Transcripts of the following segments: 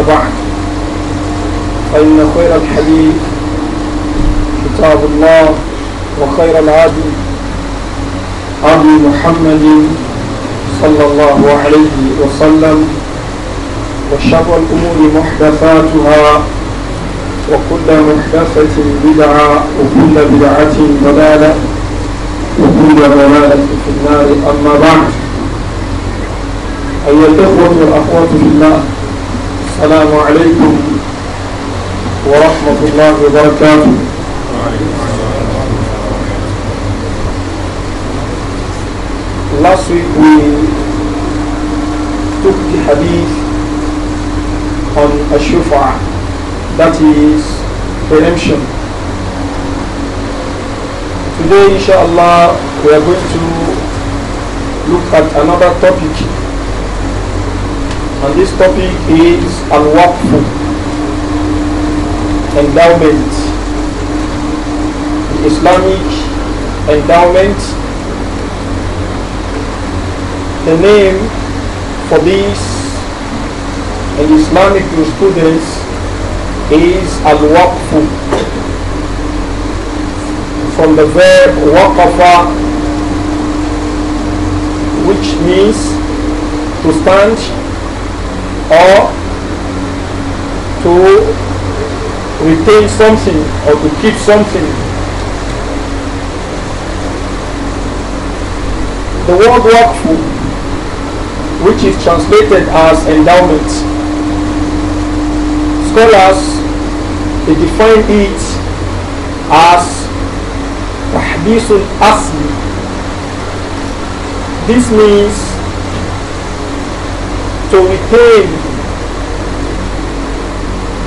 أما بعد فإن خير الحديث كتاب الله وخير العدل أبي محمد صلى الله عليه وسلم وشر الأمور محدثاتها وكل محدثة بدعة وكل بدعة ضلالة وكل ضلالة في النار أما بعد أيها الإخوة والأخوات في الله السلام عليكم ورحمة الله وبركاته Last week we took the hadith on shufa that is redemption. Today, inshallah, we are going to look at another topic And this topic is Al-Waqf, endowment. The Islamic endowment. The name for this in Islamic jurisprudence is Al-Waqf from the verb waqafa which means to stand or to retain something or to keep something. The word wakfu, which is translated as endowment, scholars they define it as This means to retain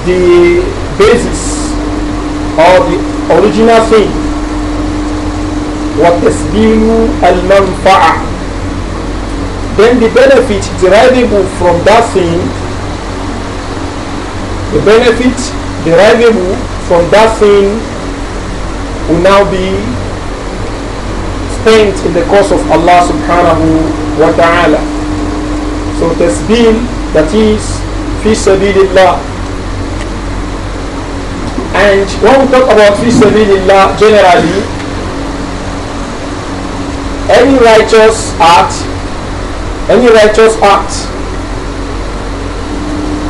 the basis of the original thing وتسبيل المنفعة then the benefit derivable from that thing the benefit derivable from that thing will now be spent in the cause of Allah subhanahu wa ta'ala so tasbih that is fi sabilillah. And when we talk about fi sabilillah generally, any righteous act, any righteous act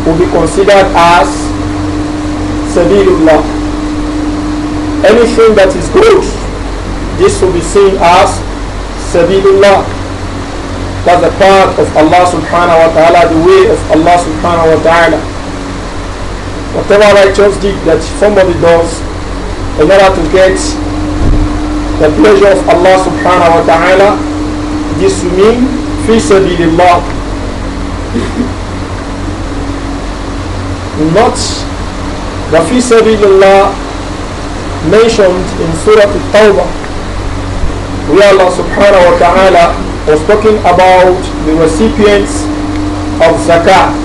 will be considered as sabilillah. Anything that is good, this will be seen as sabilillah. That's the part of Allah subhanahu wa ta'ala, the way of Allah subhanahu wa ta'ala. Whatever righteous deed that somebody does in order to get the pleasure of Allah subhanahu wa ta'ala, this to mean fi sabilillah. Not the fi sabilillah mentioned in Surah Al-Tawbah, where Allah subhanahu wa ta'ala was talking about the recipients of zakat.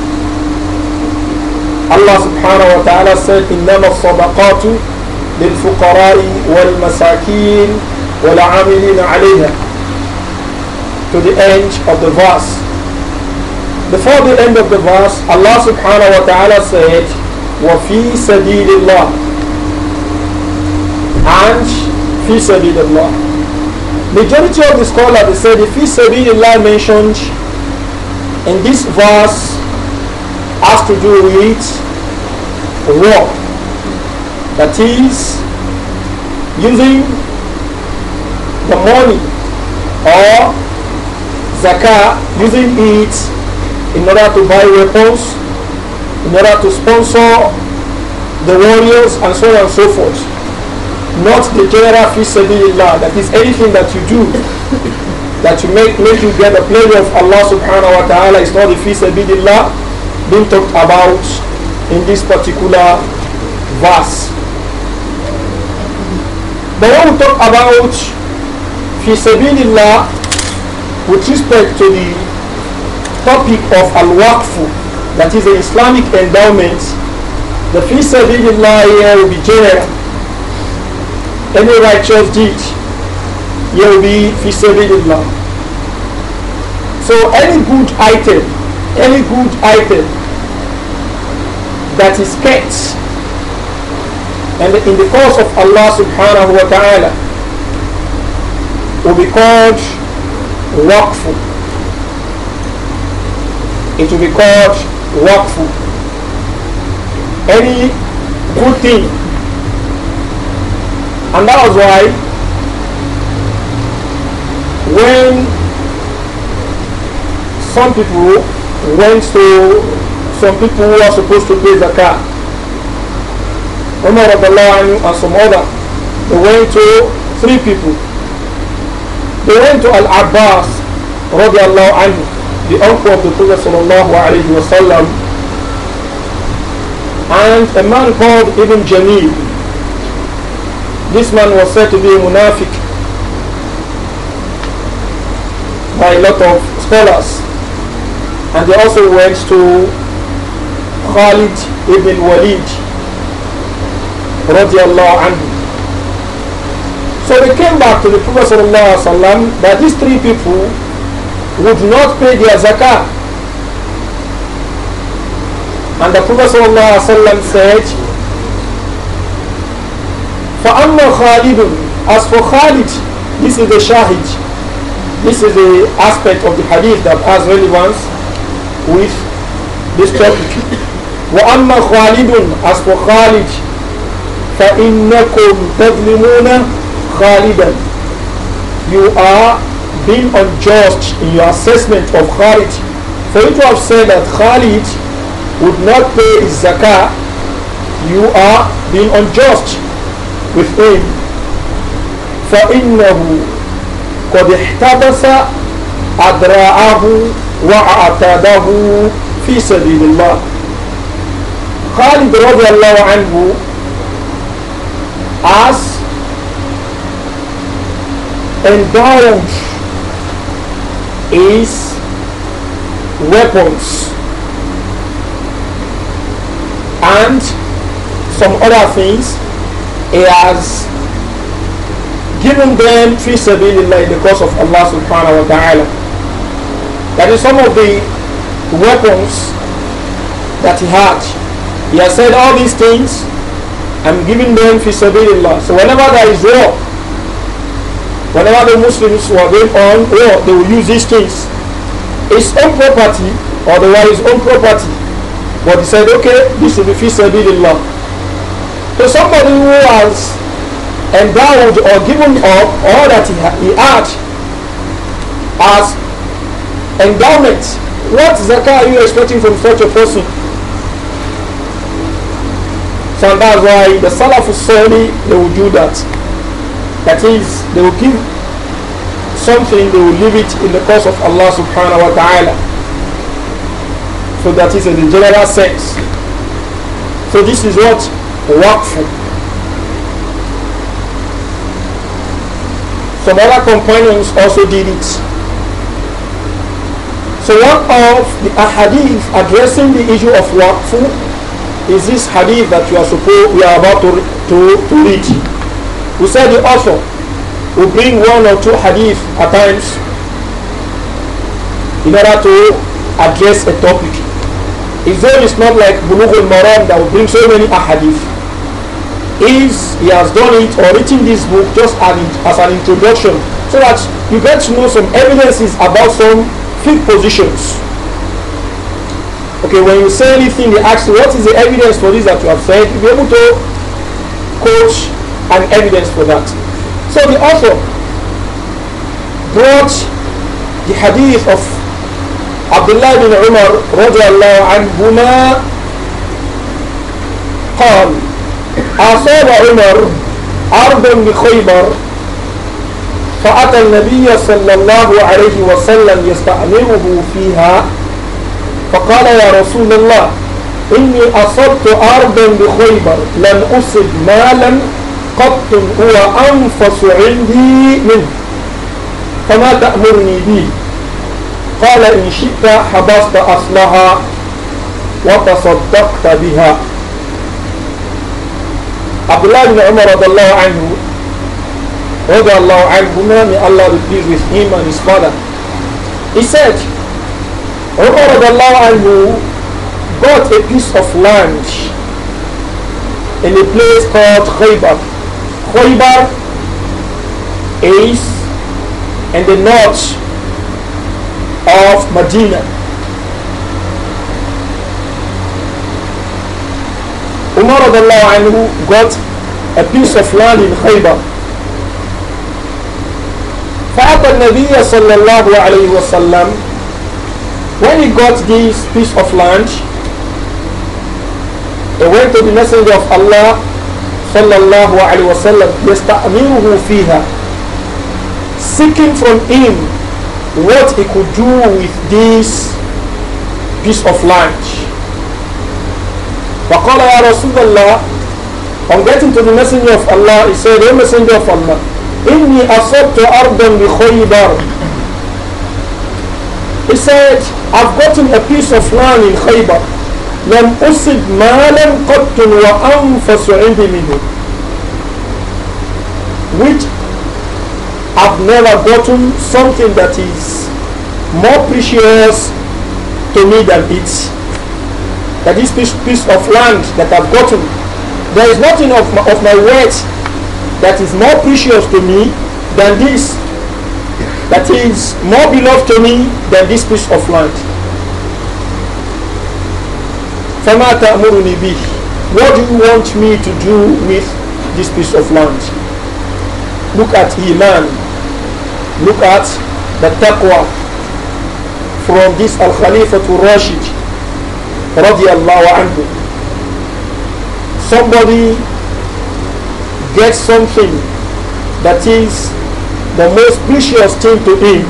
Allah subhanahu wa ta'ala said, إِنَّمَا الصَّدَقَاتُ لِلْفُقَرَاءِ وَالْمَسَاكِينِ وَالْعَامِلِينَ عَلَيْهَا To the end of the verse. Before the end of the verse, Allah subhanahu wa ta'ala said, وَفِي سَبِيلِ اللَّهِ And فِي سَبِيلِ اللَّهِ Majority of the scholars he said the fi sabilillah mentioned in this verse has to do with war. That is using the money or zakah, using it in order to buy weapons, in order to sponsor the warriors and so on and so forth not the general fi sabilillah, that is anything that you do that you make make you get the pleasure of Allah subhanahu wa ta'ala is not the fi sabilillah being talked about in this particular verse. But when we talk about fi sabilillah with respect to the topic of al-waqfu, that is the Islamic endowment, the fi sabilillah here will be general any righteous deed, will be in Fisabilillah. So any good item, any good item that is kept and in the cause of Allah subhanahu wa ta'ala will be called waqfu. It will be called waqfu. Any good thing and that was why when some people went to some people who are supposed to pay the car, the Abdullah and some other, they went to three people. They went to Al-Abbas radiallahu anhu, the uncle of the Prophet sallallahu alayhi wa sallam, and a man called Ibn Jamil this man was said to be a munafiq by a lot of scholars. And they also went to Khalid ibn Walid radiallahu anhu. So they came back to the Prophet sallam, that these three people would not pay their zakah. And the Prophet said, for فَأَمَّا خَالِدٌ As for Khalid, this is the shahid. This is the aspect of the hadith that has relevance with this topic. وَأَمَّا خَالِدٌ As for Khalid, فَإِنَّكُمْ تَظْلِمُونَ خَالِدًا You are being unjust in your assessment of Khalid. For you to have said that Khalid would not pay his zakah, you are being unjust with فإنه قد احتبس أدراعه وأعتاده في سبيل الله خالد رضي الله عنه has endowed his weapons and some other things he has given them fi sabilillah in the cause of Allah subhanahu wa ta'ala. That is some of the weapons that he had. He has said all these things, I'm giving them fi sabilillah. So whenever there is war, whenever the Muslims were going on war, they will use these things. His own property, or the wife's own property. But he said, okay, this will be fi sabilillah. So somebody who has endowed or given up all that he, he had as endowment, what zakah are you expecting from such a person? So that's why the Salafus Sali, they will do that. That is, they will give something, they will leave it in the cause of Allah subhanahu wa ta'ala. So that is in the general sense. So this is what Wakfu. Some other companions also did it. So one of the hadith addressing the issue of Wakfu is this hadith that you are supposed we are about to, to, to read. We said the author will bring one or two hadith at times in order to address a topic. If there is not like Bulugh al-Maram that will bring so many hadith is he has done it or written this book just as an introduction so that you get to know some evidences about some fifth positions. Okay, when you say anything, they ask you, what is the evidence for this that you have said? You'll be able to quote an evidence for that. So the author brought the hadith of Abdullah bin Umar radiallahu anhuma قال أصاب عمر أرضا بخيبر فأتى النبي صلى الله عليه وسلم يستأمره فيها فقال يا رسول الله إني أصبت أرضا بخيبر لم أصب مالا قط هو أنفس عندي منه فما تأمرني به قال إن شئت حبست أصلها وتصدقت بها Abdullah ibn Umar radiallahu anhu, radiallahu anhu, may Allah be pleased with him and his father. He said, Umar radiallahu anhu bought a piece of land in a place called Khaybar. Khaybar is in the north of Medina. Umar anhu got a piece of land in Khaybar. فأتى النبي صلى الله عليه وسلم when he got this piece of land he went to the messenger of Allah صلى الله عليه وسلم يستأمره فيها seeking from him what he could do with this piece of land فقال يا رسول الله On getting to the messenger of Allah, he said, O messenger of Allah, إني أصبت أرضا بخيبر He said, I've gotten a piece of land in Khaybar. لم أصب مالا قط وأنفس عندي منه which I've never gotten something that is more precious to me than it that this piece, piece of land that I've gotten, there is nothing of my, of my that is more precious to me than this, that is more beloved to me than this piece of land. What do you want me to do with this piece of land? Look at Iman. Look at the taqwa from this Al-Khalifa to Rashid Somebody gets something that is the most precious thing to him.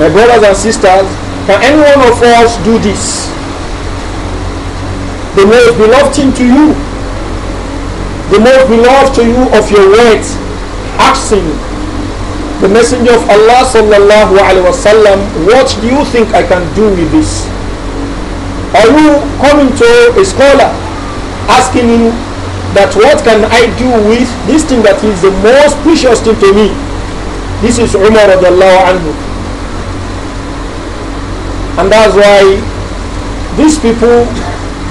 My brothers and sisters, can any one of us do this? The most beloved thing to you, the most beloved to you of your words, asking the Messenger of Allah sallallahu alaihi wasallam, what do you think I can do with this? Are you coming to a scholar asking him that what can I do with this thing that is the most precious thing to me? This is Umar radiallahu anhu. And that's why these people,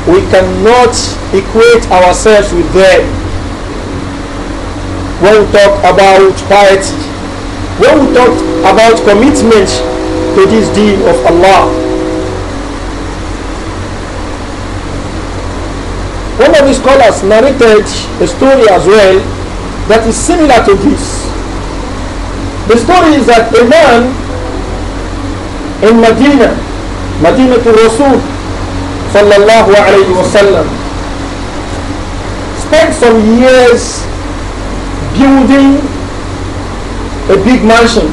we cannot equate ourselves with them. When we talk about piety, when we talked about commitment to this deed of Allah, one of the scholars narrated a story as well that is similar to this. The story is that a man in Medina, Medina to Rasul, sallallahu alayhi wasallam, spent some years building a big mansion.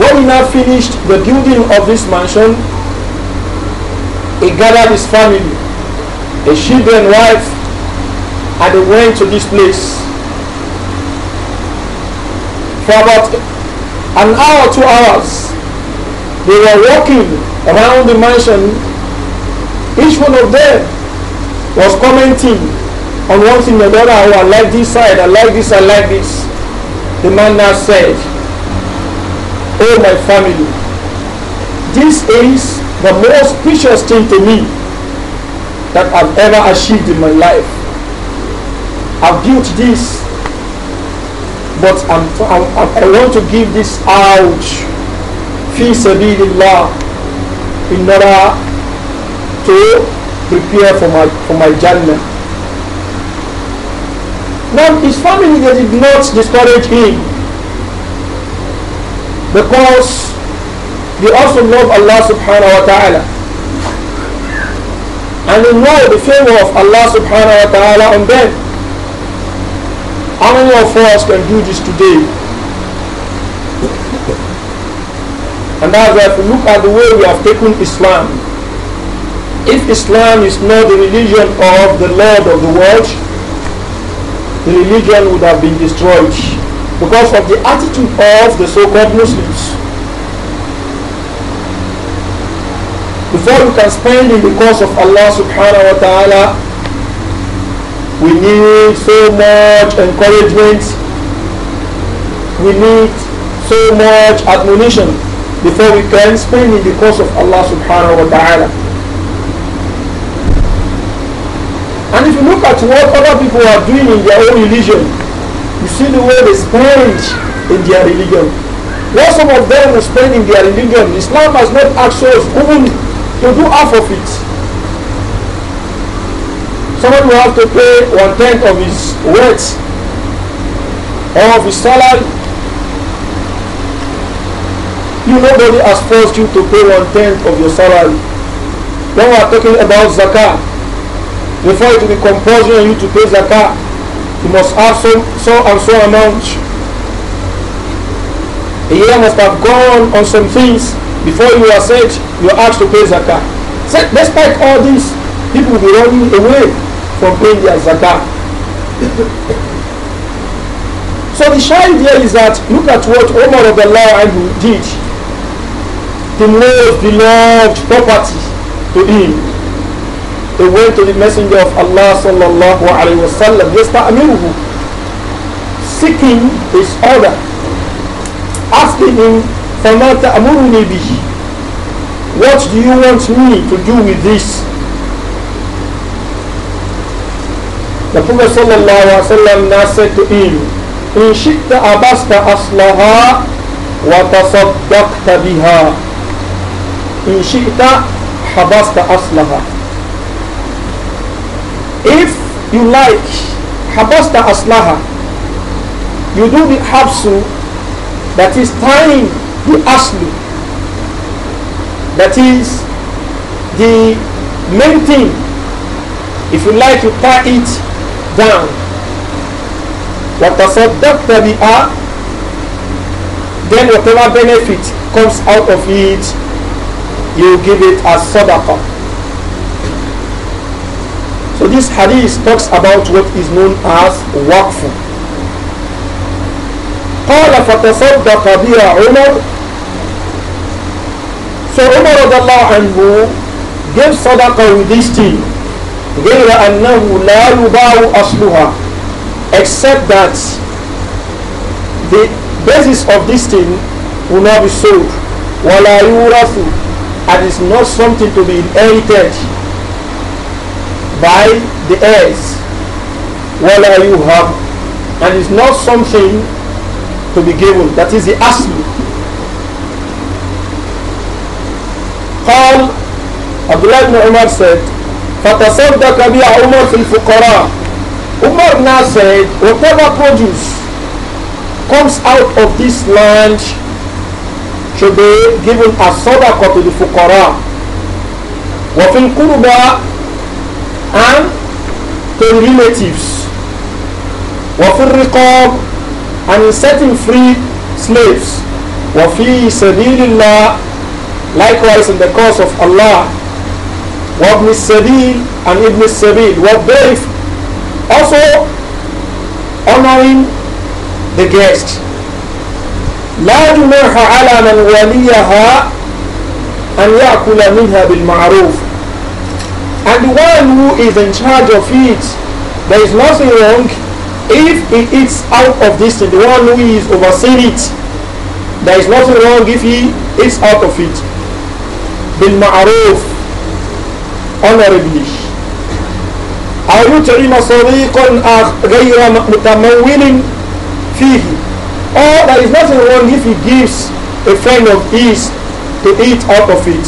When he now finished the building of this mansion, he gathered his family, his children, wife, and they went to this place. For about an hour, two hours, they were walking around the mansion. Each one of them was commenting on one thing or the oh, I like this side, I like this, I like this. The man now said, Oh, my family, this is the most precious thing to me that I've ever achieved in my life. I've built this, but I'm, I'm, I'm, i want to give this out. Fi in order to prepare for my, for my Jannah. Now, his family they did not discourage him because they also love Allah subhanahu wa ta'ala. And they know the favor of Allah subhanahu wa ta'ala on them. How many of us can do this today? And as we look at the way we have taken Islam, if Islam is not the religion of the Lord of the world, the religion would have been destroyed because of the attitude of the so-called Muslims. Before we can spend in the cause of Allah subhanahu wa ta'ala, we need so much encouragement, we need so much admonition before we can spend in the cause of Allah subhanahu wa ta'ala. And if you look at what other people are doing in their own religion, you see the way they spend in their religion. What some of them are spending in their religion, Islam has not asked us even to do half of it. Someone will have to pay one tenth of his wealth or of his salary. You nobody has forced you to pay one tenth of your salary. When we are talking about zakat. before it will be compulsion on you to pay zakah, you must have so, so and so amount. A year must have gone on some things before you are said you are asked to pay zakah. So, despite all this, people will be running away from paying their zakah. so the shine is that look at what Omar of the law did. The most beloved property to him they went to the messenger of Allah sallallahu alaihi wasallam yasta'miruhu seeking his order asking him فَمَا تَأْمُرُنِي بِهِ What do you want me to do with this? The Prophet sallallahu alaihi wasallam now said to him إِنْ شِئْتَ أَبَسْتَ أَصْلَهَا وَتَصَدَّقْتَ بِهَا إِنْ شِئْتَ حَبَسْتَ أَصْلَهَا if you like habasta aslaha, you do the habsu that is tying the asli, that is the main thing. If you like, you tie it down. that we are, then whatever benefit comes out of it you give it as sadaqah so this hadith talks about what is known as waqf. قال فتصدق بها عمر So Umar radiallahu anhu gave sadaqah with this tea غير أنه لا يباع أصلها except that the basis of this thing will not be sold ولا يورث and it's not something to be inherited by the heirs wala you have and it's not something to be given that is the aslu قال عبد الله بن عمر said فتصدق بها عمر في الفقراء Umar now said whatever produce comes out of this land should be given as sadaqah to the fuqara وفي القربى and to relatives. وفي الرقاب and in setting free slaves. وفي سبيل الله likewise in the cause of Allah. وابن السبيل and ابن السبيل والضيف also honoring the guest. لا جناح على من وليها أن يأكل منها بالمعروف and the one who is in charge of it, there is nothing wrong if he eats out of this thing, the one who is overseeing it. There is nothing wrong if he eats out of it. Bin ma'aruf, honorably. أو يطعم صديقا غير متمول fihi. or there is nothing wrong if he gives a friend of his to eat out of it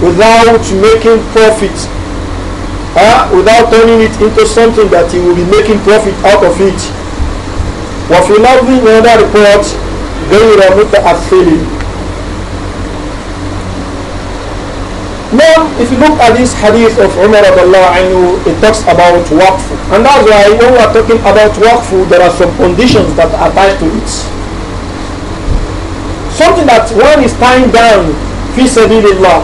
without making profit huh? without turning it into something that he will be making profit out of it. وفي الأرض another report not fulfilling. Now, if you look at this hadith of Umar anhu, it talks about waqf. And that's why when we are talking about waqf, there are some conditions that are to it. Something that one is tying down, fi sabilillah,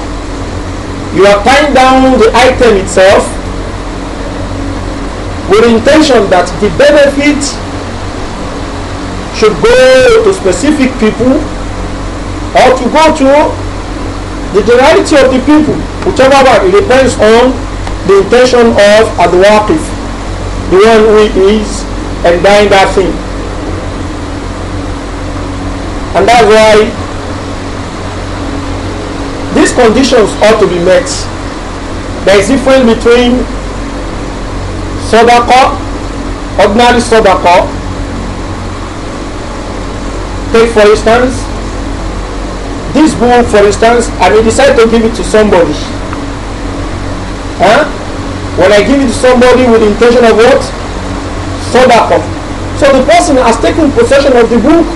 you are tying down the item itself with intention that the benefit should go to specific people or to go to the generality of the people, whichever one, it depends on the intention of Adwaqif, the one who is endowing that thing. And that's why these conditions ought to be met. There is difference between Sadaqah, ordinary Sadaqah, take for instance, this book for instance, and he decide to give it to somebody. Huh? When I give it to somebody with the intention of what? Sadaqah. So the person has taken possession of the book.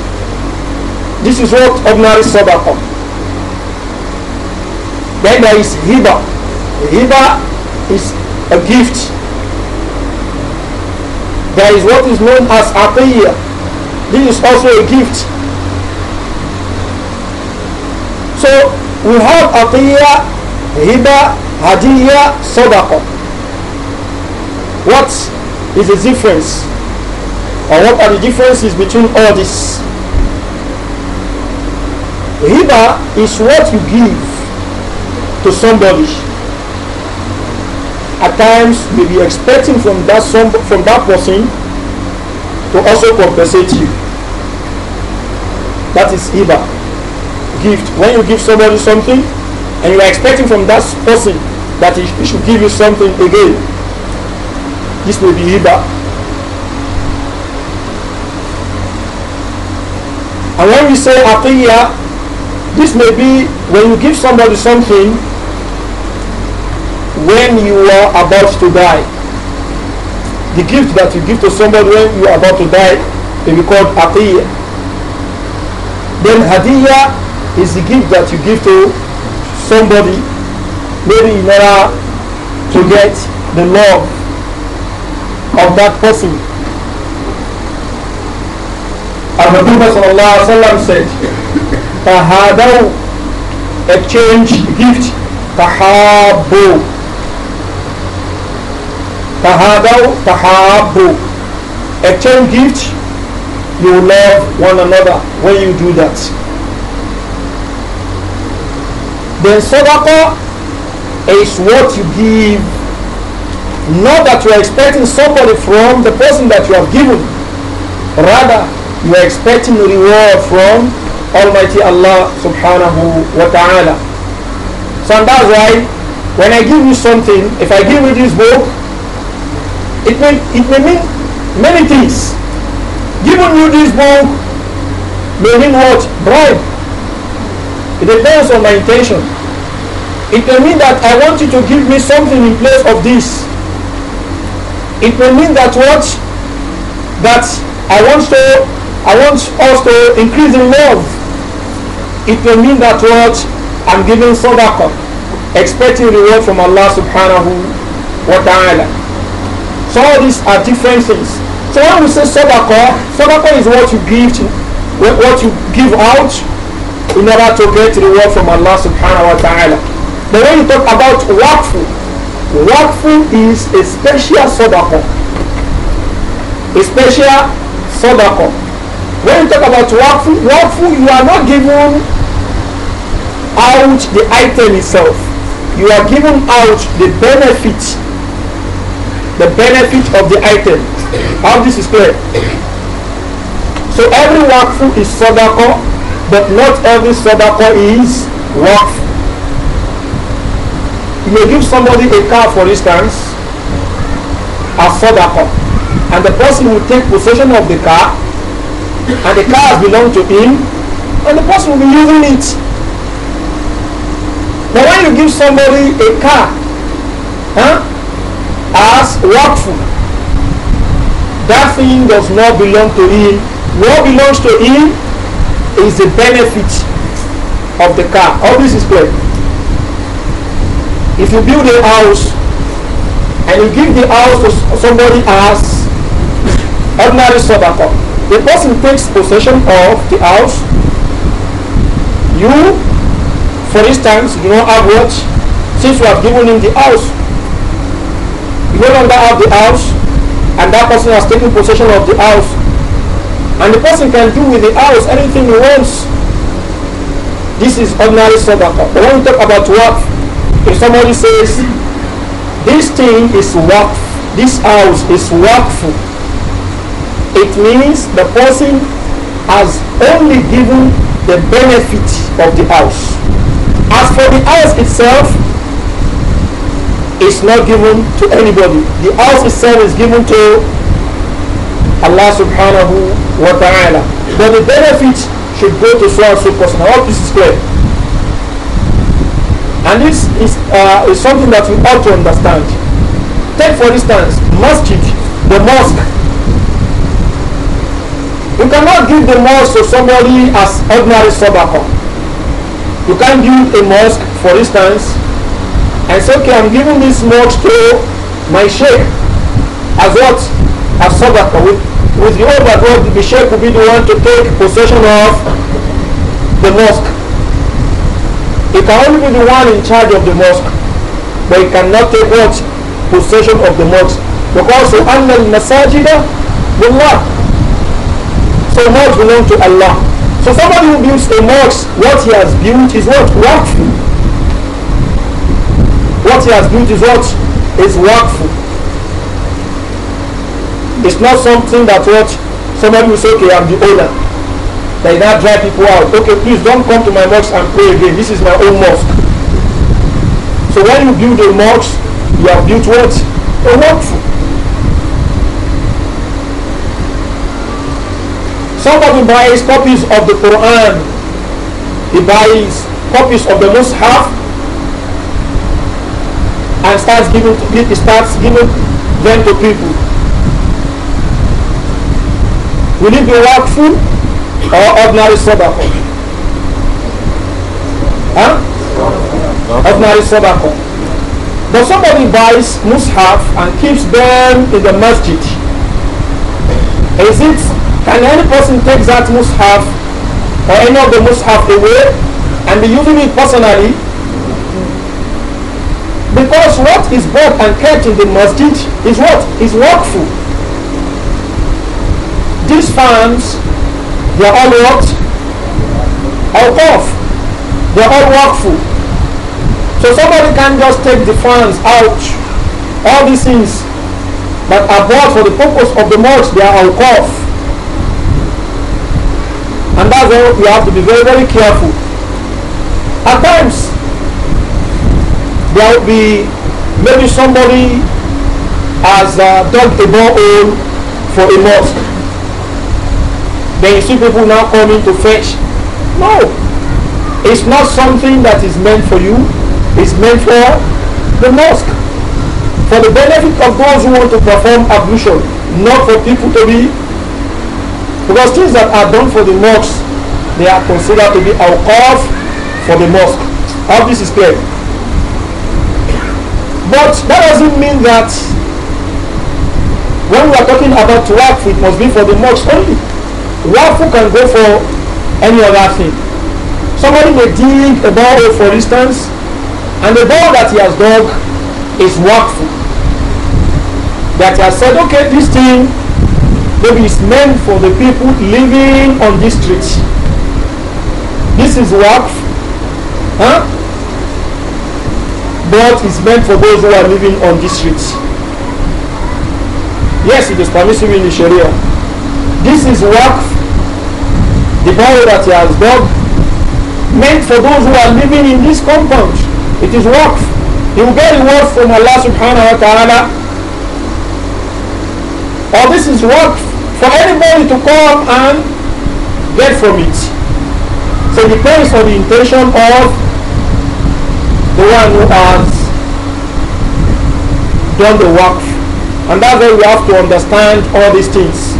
This is what ordinary Sadaqah. Then there is Hiba. Hiba is a gift there is what is known as atiyah. This is also a gift. So we have atiyah, hiba, hadiyah, sadaqah. What is the difference? Or what are the differences between all this? Hiba is what you give to somebody at times may be expecting from that some, from that person to also compensate you. That is either Gift. When you give somebody something and you are expecting from that person that he, should give you something again, this may be either. And when we say Atiyah, this may be when you give somebody something when you are about to die. The gift that you give to somebody when you are about to die may be called atiyah. Then hadiyah is the gift that you give to somebody maybe in order to get the love of that person. And the Prophet said, Tahadaw, exchange gift, tahabu, Tahabu, tahabu. Exchange it. You love one another when you do that. Then sadaqah is what you give. Not that you are expecting somebody from the person that you have given. Rather, you are expecting reward from Almighty Allah subhanahu wa ta'ala. So that's why when I give you something, if I give you this book, it may, it may mean many things. Giving you this book may mean what? Bribe. It depends on my intention. It may mean that I want you to give me something in place of this. It may mean that what? That I want to I want us to increase in love. It may mean that what? I'm giving sadaqah, expecting reward from Allah subhanahu wa ta'ala. So all these are different things. So when we say sadaqah, sadaqah is what you give to, what you give out in order to get reward from Allah subhanahu wa ta'ala. But when you talk about waqfu, waqfu is a special sadaqah. A special sadaqah. When you talk about waqfu, waqfu you are not given out the item itself. You are given out the benefit the benefit of the item. How this is clear? So every wakfu is sadaqah, but not every sadaqah is wakf. You may give somebody a car, for instance, a sadaqah, and the person will take possession of the car, and the car belongs to him, and the person will be using it. But when you give somebody a car, huh? as waqf. That thing does not belong to him. What belongs to him is the benefit of the car. All this is clear. If you build a house and you give the house to somebody else, ordinary sadaqah, the person takes possession of the house. You, for instance, do not have what? Since you have given him the house, no longer have the house and that person has taken possession of the house and the person can do with the house anything he wants this is ordinary sadaqah but when we talk about work if somebody says this thing is work this house is workful it means the person has only given the benefit of the house as for the house itself is not given to anybody. The house itself is given to Allah subhanahu wa ta'ala. But the benefit should go to so and so person. I hope this is clear. And this is, uh, is something that we ought to understand. Take for instance, masjid, the mosque. You cannot give the mosque to somebody as ordinary sabaqah. You can't give a mosque, for instance, and said, okay, I'm giving this mosque to my sheikh as what? As sadaqah. With, with the of that what the sheikh will be the one to take possession of the mosque. He can only be the one in charge of the mosque. But he cannot take what? Possession of the mosque. Because أَنَّ الْمَسَاجِدَ Allah. So mosque belong to Allah. So somebody who builds a mosque, what he has built is what? Waqf what he has built is what is workful. It's not something that what somebody will say, okay, I'm the owner. They now drive people out. Okay, please don't come to my mosque and pray again. This is my own mosque. So when you build a mosque, you have built what? A workful. Somebody buys copies of the Quran. He buys copies of the Mus'haf and starts giving to, starts giving them to people. Will it be wakful or ordinary sadaqah? Huh? Ordinary sadaqah. But somebody buys mushaf and keeps them in the masjid. Is it, can any person take that mushaf or any of the mushaf away and be using it personally because what is bought and kept in the masjid is what? Is workful. These farms, they are all what? Awqaf. They are all workful. So somebody can just take the farms out. All these things that are bought for the purpose of the mosque, they are awqaf. And that's why we have to be very, very careful. At times, there will be maybe somebody has uh, dug a borehole for a mosque. Then you see people now coming to fetch. No, it's not something that is meant for you. It's meant for the mosque, for the benefit of those who want to perform ablution, not for people to be. Because things that are done for the mosque, they are considered to be our of for the mosque. All this is clear. But that doesn't mean that when we are talking about wafu, it must be for the mosque only. Wafu can go for any other thing. Somebody may dig a ball, for instance, and the ball that he has dug is wafu. That he has said, okay, this thing maybe is meant for the people living on this street. This is wafu, Huh? but is meant for those who are living on the streets. Yes, it is permissible in the Sharia. This is work, the borrower that he has done, meant for those who are living in this compound. It is work. You get reward from Allah subhanahu wa ta'ala. Or this is work for anybody to come and get from it. So it depends on the intention of one who has done the work. And that's why we have to understand all these things.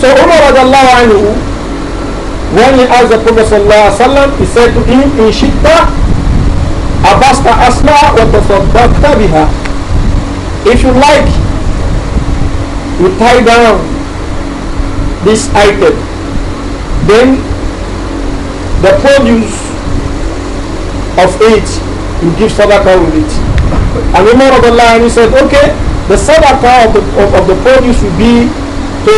So Umar anhu, when he asked the Prophet sallam, he said to him, In shitta, abasta asma wa tasaddaqta biha. If you like, you tie down this item. Then the produce of it, you give sadaqah with it. And Umar of Allah and he said, okay, the sadaqah of the, of, of the produce will be to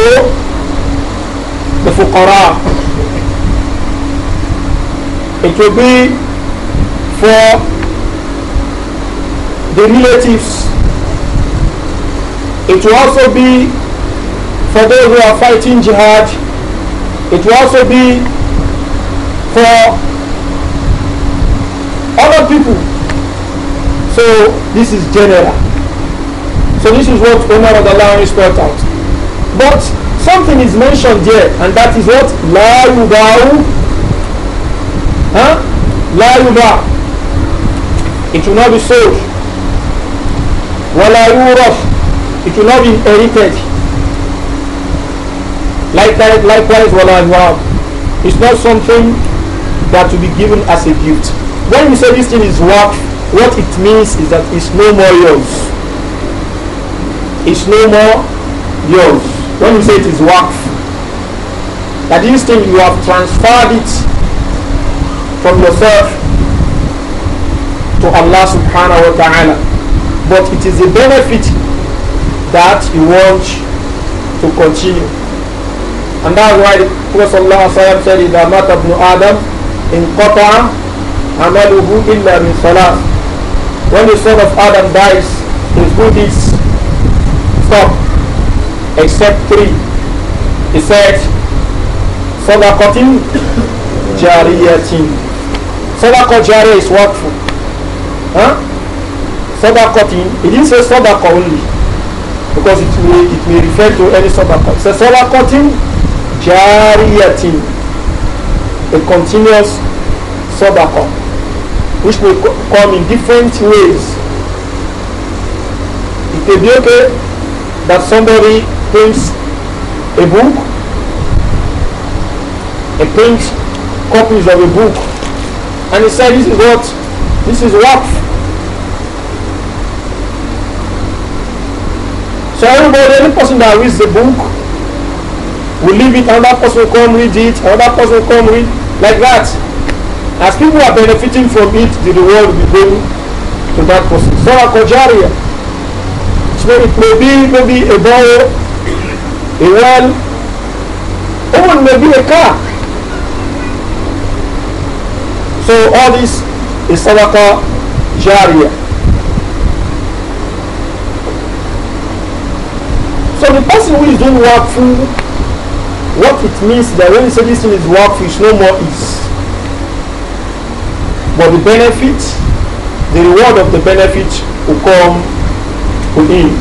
the fuqara. It will be for the relatives. It will also be for those who are fighting jihad. It will also be for other people. So this is general. So this is what Omar of the Lion is brought out. But something is mentioned here, and that is what La Yubau. Huh? La Yubau. It will not be sold. Wala Yuraf. It will not be inherited. Like, likewise, Wala Yuraf. It's not something that will be given as a gift. When you say this thing is work, what it means is that it's no more yours. It's no more yours. When you say it is work, that this thing you have transferred it from yourself to Allah subhanahu wa ta'ala. But it is a benefit that you want to continue. And that's why the Prophet said, إِذَا مَاتَ ابْنُ آدَمَ انقطع عمله إلا من ثلاث when the son of Adam dies his good deeds stop except three he said صدقة جارية صدقة جارية is workful huh? صدقة he didn't say صدقة only because it may, it may refer to any صدقة it says صدقة جارية a continuous sadaqah which may come in different ways. It may be okay that somebody prints a book, a prints copies of a book, and he said this is what this is waqf. So everybody, any person that reads the book will leave it, another person come read it, another person come read Like that. As people are benefiting from it, the reward will be going to that person. a Kojaria. So it may be maybe a boy, a well, or maybe a car. So all this is Sadaqa Jariya. So the person who is doing work what it means that when you say this thing is worthless, no more is. But the benefit, the reward of the benefit will come to him.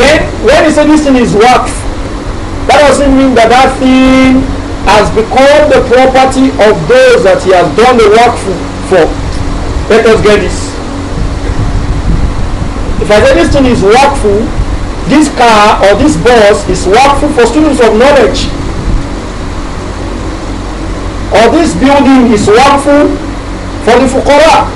Then when you say this thing is worth, that doesn't mean that that thing has become the property of those that he has done the work for. Let us get this. If I say this thing is worthful, this car or this bus is workful for students of knowledge or this building is workful for the fukara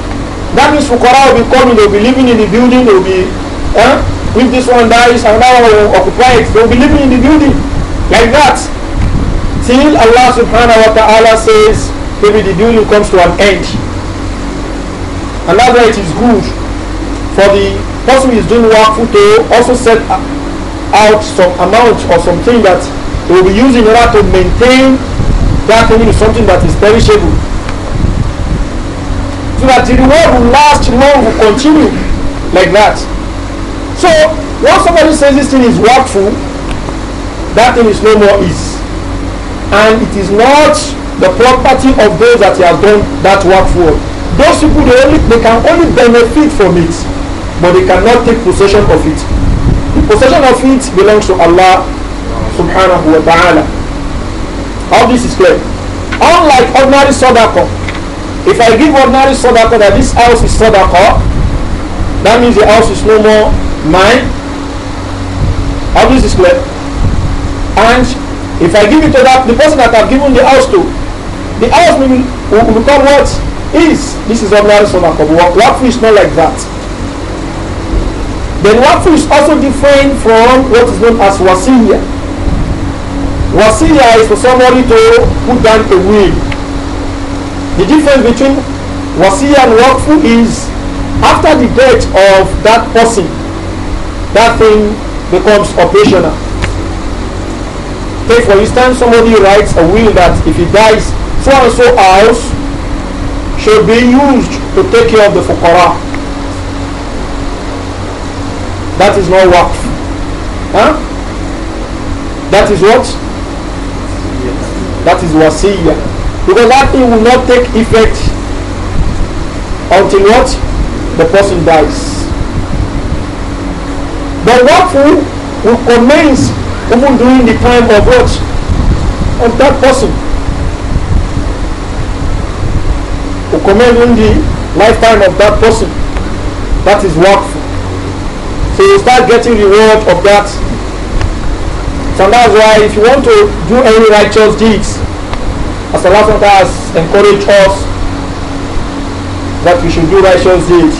that means fukara will be coming they will be living in the building they will be eh? if this one dies another one will occupy it they will be living in the building like that till allah subhanahu wa ta'ala says maybe the building comes to an end and that's why it is good for the person is doing work to also set out some amount or something that they will be using in order to maintain that thing is something that is perishable. So that the reward will last long, will continue like that. So once somebody says this thing is workful, that thing is no more is. And it is not the property of those that he has done that work for. Those people they only they can only benefit from it but they cannot take possession of it. The possession of it belongs to Allah subhanahu wa ta'ala. All this is clear. Unlike ordinary sadaqah, if I give ordinary sadaqah that this house is sadaqah, that means the house is no more mine. All this is clear. And if I give it to that, the person that I've given the house to, the house will, will become what? Is. This is ordinary sadaqah. But what, is not like that. Then wafu is also different from what is known as wasiya. Wasiya is for somebody to put down a will. The difference between wasiya and wafu is after the death of that person, that thing becomes operational. Take for instance, somebody writes a will that if he dies, so and so house should be used to take care of the fukara. That is not work. Huh? That is what? That is wasiyah. Because that thing will not take effect until what? The person dies. But work will commence even during the time of what? Of that person. Will commence during the lifetime of that person. That is work start getting reward of that. So that's why if you want to do any righteous deeds, as Allah has encouraged us that we should do righteous deeds,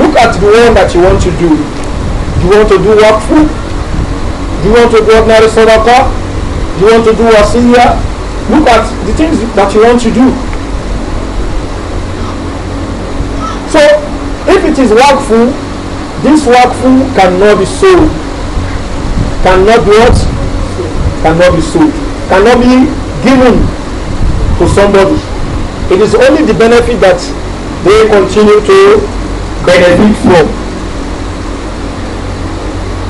look at the one that you want to do. Do you want to do work food? Do you want to do ordinary sadaqah? Do you want to do a senior? Look at the things that you want to do. So if it is lawful. This wakfu cannot be sold. Cannot be what? Cannot be sold. Cannot be given to somebody. It is only the benefit that they continue to benefit from.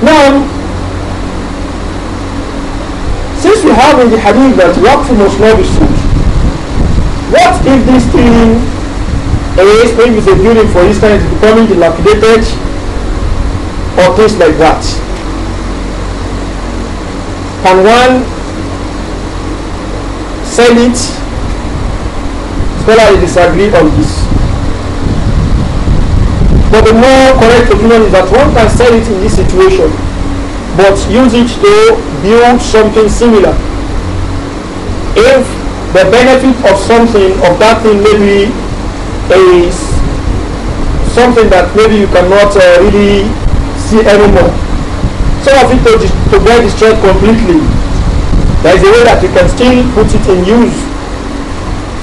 Now, since we have in the hadith that wakfu must not be sold, what if this thing is maybe it's a building for instance is becoming dilapidated or things like that. Can one sell it? Scholars disagree on this. But the more correct opinion is that one can sell it in this situation, but use it to build something similar. If the benefit of something, of that thing, maybe is something that maybe you cannot uh, really see anymore. Some of it to, to get destroyed completely. There is a way that you can still put it in use.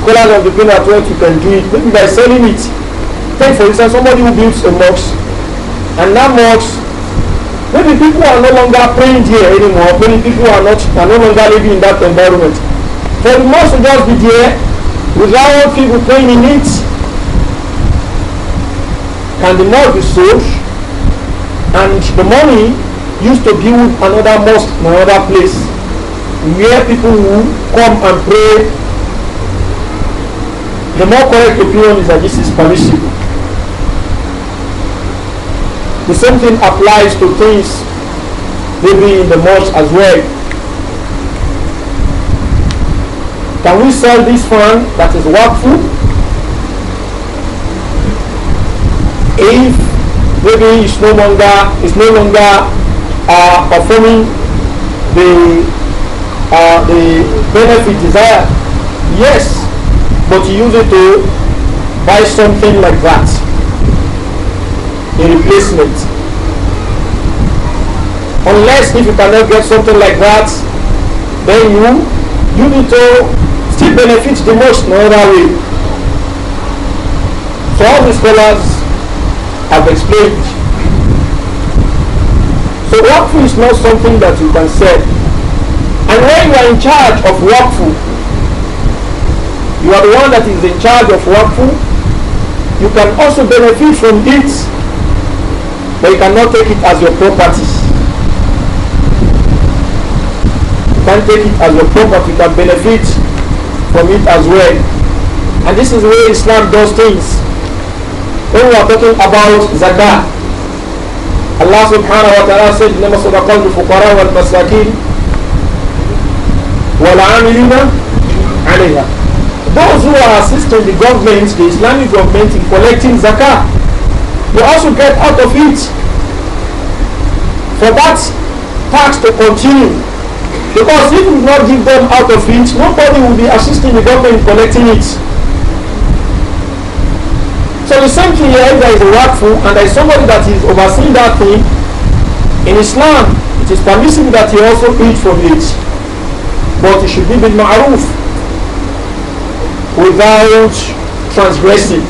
Scholars of the brain at work, you can do it. Maybe by selling it. Take for instance somebody who builds a mosque and that mosque Maybe people are no longer praying here anymore. Maybe people are not are no longer living in that environment. For the most will just be there without people praying in it. Can the mosque be sold? And the money used to build another mosque in another place where people will come and pray. The more correct opinion is that this is permissible. The same thing applies to things maybe in the mosque as well. Can we sell this one that is workful? If maybe it's no longer it's no longer uh, performing the uh, the benefit desired. Yes, but you use it to buy something like that, a replacement. Unless if you cannot get something like that, then you you need to still benefit the most in another way. So all the scholars have explained. So wakfu is not something that you can sell. And when you are in charge of wakfu, you are the one that is in charge of wakfu, you can also benefit from it, but you cannot take it as your property. You can take it as your property, you can benefit from it as well. And this is where Islam does things. When we are talking about zakah, Allah subhanahu wa ta'ala said, إِنَّمَا صَدَقَاتُ الْفُقَرَاءِ وَالْمَسَاكِينِ وَالْعَامِلِينَ عَلَيْهَا Those who are assisting the government, the Islamic government in collecting zakah, they also get out of it. For that tax to continue, because if we do not give them out of it, nobody will be assisting the government in collecting it. So the same thing here, if there is a wakfu and there is somebody that is overseeing that thing, in Islam, it is permissible that he also eat from it. But it should be bil ma'ruf without transgressing.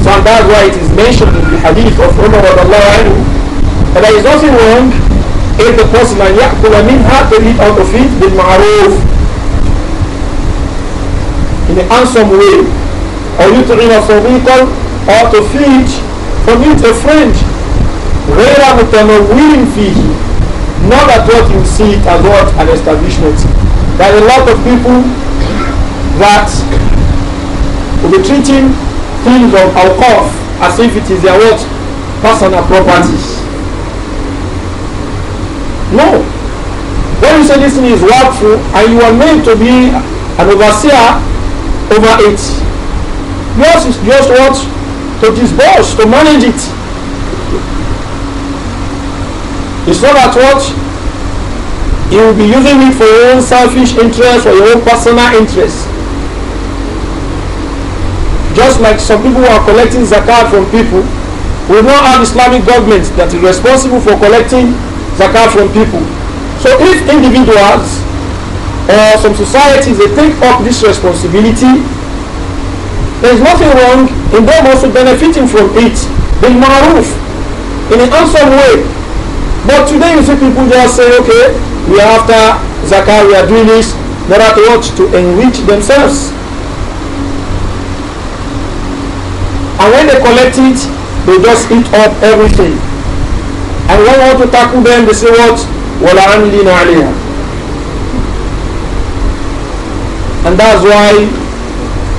So that's why it is mentioned in the hadith of Umar that there is nothing wrong if the person and yakula minha to eat out of it bil ma'ruf in a handsome way, or you to a vehicle, or to feed, for me a friend. a willing fee not that what you see it as what an establishment there are a lot of people that will be treating things of alcohol as if it is their what personal properties no when you say this thing is workful and you are meant to be an overseer over it. Yours is just what? To disburse, to manage it. It's not that what? You will be using it for your own selfish interest or your own personal interest. Just like some people who are collecting zakat from people, we now have Islamic government that is responsible for collecting zakat from people. So if individuals or uh, some societies, they take up this responsibility. There is nothing wrong in them also benefiting from it, being maruf, in an awesome way. But today you see people just say, okay, we are after zakah, we are doing this, We are to to enrich themselves. And when they collect it, they just eat up everything. And when we want to tackle them, they say what? وَلَعَنْ لِنَا عَلَيْهَا And that's why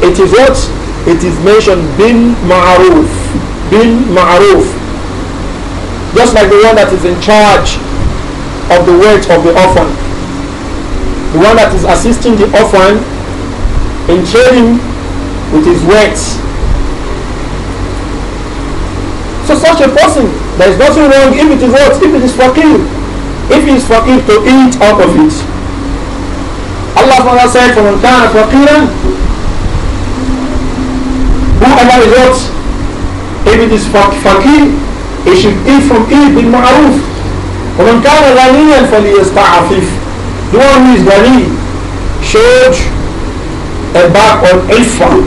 it is what? It is mentioned bin ma'aruf. Bin ma'aruf. Just like the one that is in charge of the weight of the orphan. The one that is assisting the orphan in sharing with his weight. So such a person, there is nothing wrong if it is what? If it is faqir. If he is faqir to eat out of it. Allah SWT said, فَمَنْ كَانَ فَقِيرًا Whoever is what? If it is fakir, he should eat from it bil ma'ruf. وَمَنْ كَانَ غَنِيًا فَلْيَسْتَعْفِفْ The one who is ghani should embark on ifah.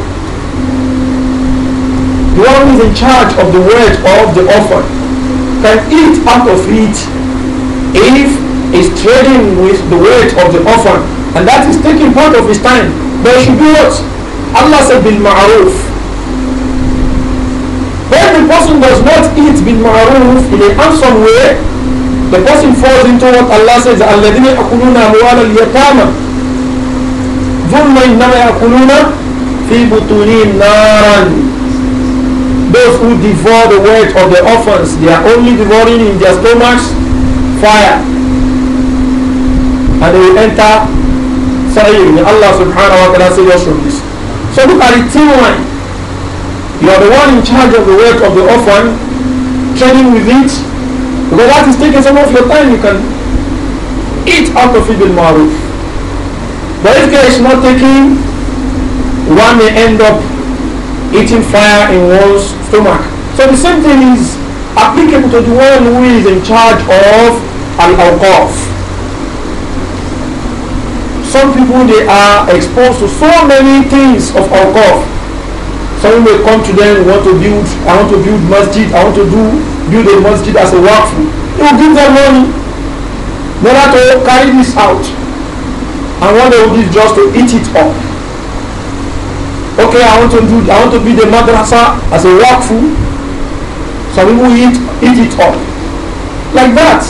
The one who is in charge of the word of the offer can eat out of it if is trading with the weight of the offer and that is taking part of his time. But he should do what? Allah said bin ma'aruf. When the person does not eat bin ma'aruf in a handsome way, the person falls into what Allah says, الَّذِينَ يَأْكُلُونَ أَمْوَالَ الْيَتَامَى ثُمَّ إِنَّمَا يَأْكُلُونَ فِي بُطُونِهِمْ نَارًا Those who devour the weight of the orphans, they are only devouring in their stomachs fire. And they will enter Allah subhanahu wa ta'ala says us from this. So look at the team line. You are the one in charge of the work of the orphan, training with it. Because that is taking some of your time, you can eat out of it in Maruf. But if care is not taking, one may end up eating fire in one's stomach. So the same thing is applicable to the one who is in charge of al-awqaf. some people they are exposed to so many things of alcohol some may come to them want to build i want to build masjid i want to do build a masjid as a work for. they will give them money in order to carry this out and what they will do is just to eat it up okay i want to do i want to build a madrasa as a work for. some people eat eat it up like that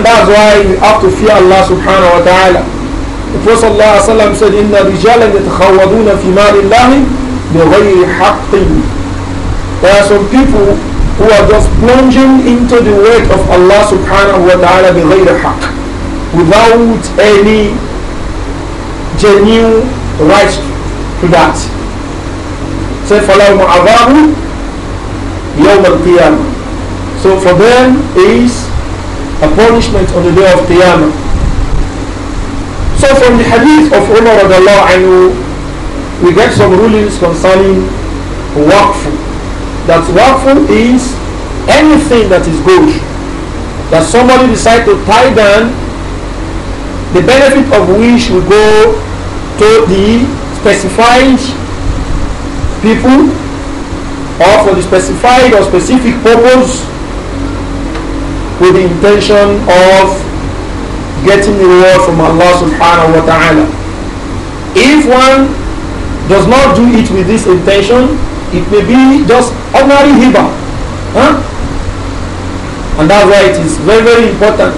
And that's why we have to fear Allah subhanahu wa ta'ala. The Prophet ﷺ said, إِنَّ رِجَالًا يَتَخَوَّضُونَ فِي مَالِ اللَّهِ بِغَيْرِ حَقٍّ There are some people who are just plunging into the weight of Allah subhanahu wa ta'ala بِغَيْرِ حَقٍّ without any genuine right to that. Say, فَلَهُمْ عَذَابٌ يَوْمَ الْقِيَامَةِ So for them is a punishment on the day of Qiyamah. So from the hadith of Umar anhu, we get some rulings concerning waqf. That waqf is anything that is good. That somebody decide to tie down the benefit of which will go to the specified people or for the specified or specific purpose with the intention of getting reward from Allah subhanahu wa ta'ala. If one does not do it with this intention, it may be just ordinary hiba. Huh? And that's why it is very, very important.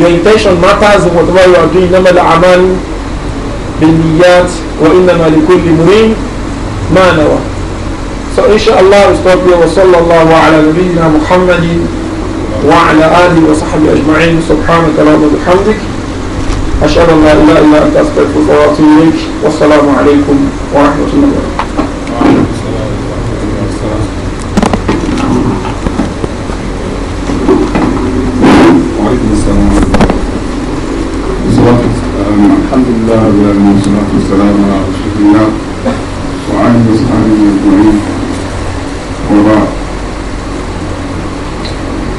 Your intention matters in whatever you are doing. Number the amal بالنيات وإنما لكل مريم ما نوى فإن شاء الله استغفر وصلى الله على نبينا محمد وعلى آله وصحبه أجمعين سبحانك اللهم وبحمدك أشهد أن لا إله إلا أنت أستغفرك وأتوب إليك والسلام عليكم ورحمة الله وبركاته الحمد لله رب العالمين والصلاه والسلام على رسول الله وعلى اله وصحبه اجمعين Quran.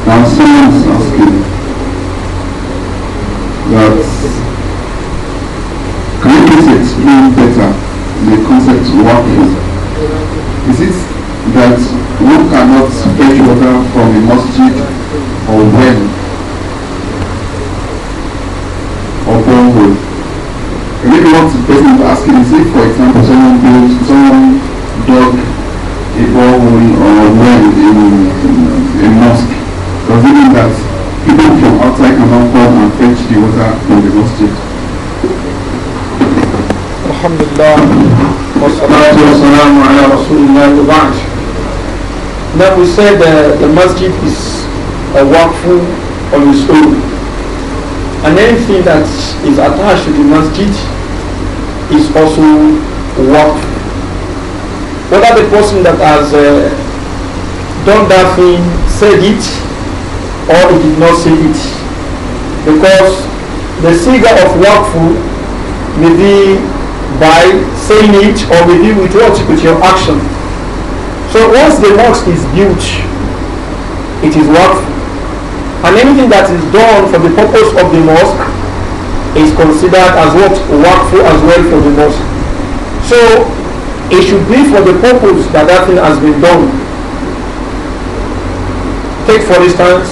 Now someone is asking that can you please explain better the concept working? Is it that one cannot fetch water from a mosquito or well or borehole? Maybe what the person is asking is if, for example, someone built, someone dug people who or men in, in a mosque. Does it mean that people from outside cannot come and fetch the water from the mosque? الحمد لله والصلاة والسلام على رسول الله وبعد Now we said that the masjid is a wakfu on its own and anything that is attached to the masjid is also wakfu whether the person that has uh, done that thing said it or he did not say it. Because the figure of workful may be by saying it or may be with what? With your action. So once the mosque is built, it is wakfu. And anything that is done for the purpose of the mosque is considered as what workful as well for the mosque. So it should be for the purpose that that thing has been done. Take for instance,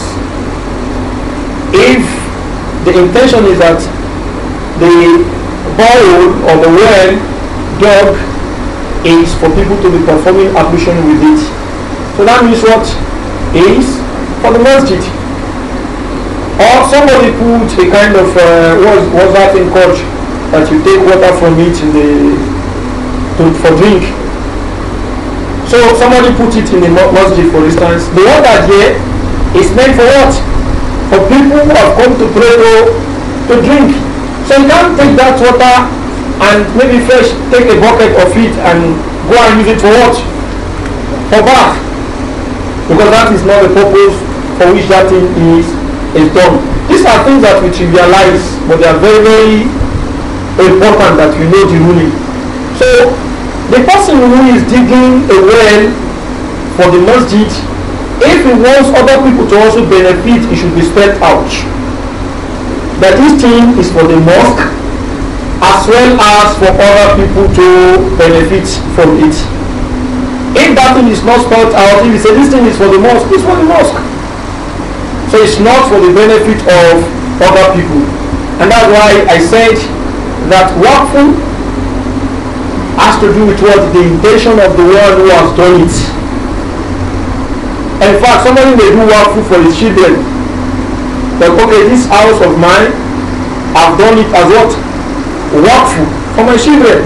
if the intention is that the borrowed or the well dug is for people to be performing ablution with it. So that means what is for the masjid. Or somebody put a kind of uh, what's, what's that thing called that you take water from it in the to, for drink. So somebody put it in the mosque, for instance. The water here is meant for what? For people who have come to pray or to drink. So you can't take that water and maybe fresh take a bucket of it and go and use it for what? For bath. Because that is not the purpose for which that thing is, is done. These are things that we trivialize, but they are very, very important that we know the ruling. So The person who is digging a well for the masjid, if he wants other people to also benefit, he should be spread out. That this thing is for the mosque as well as for other people to benefit from it. If that thing is not spread out, if you say this thing is for the mosque, it's for the mosque. So it's not for the benefit of other people. And that's why I said that for to do with what the intention of the one who has done it. In fact, somebody may do work for his children. But okay, this house of mine, I've done it as what? work for my children.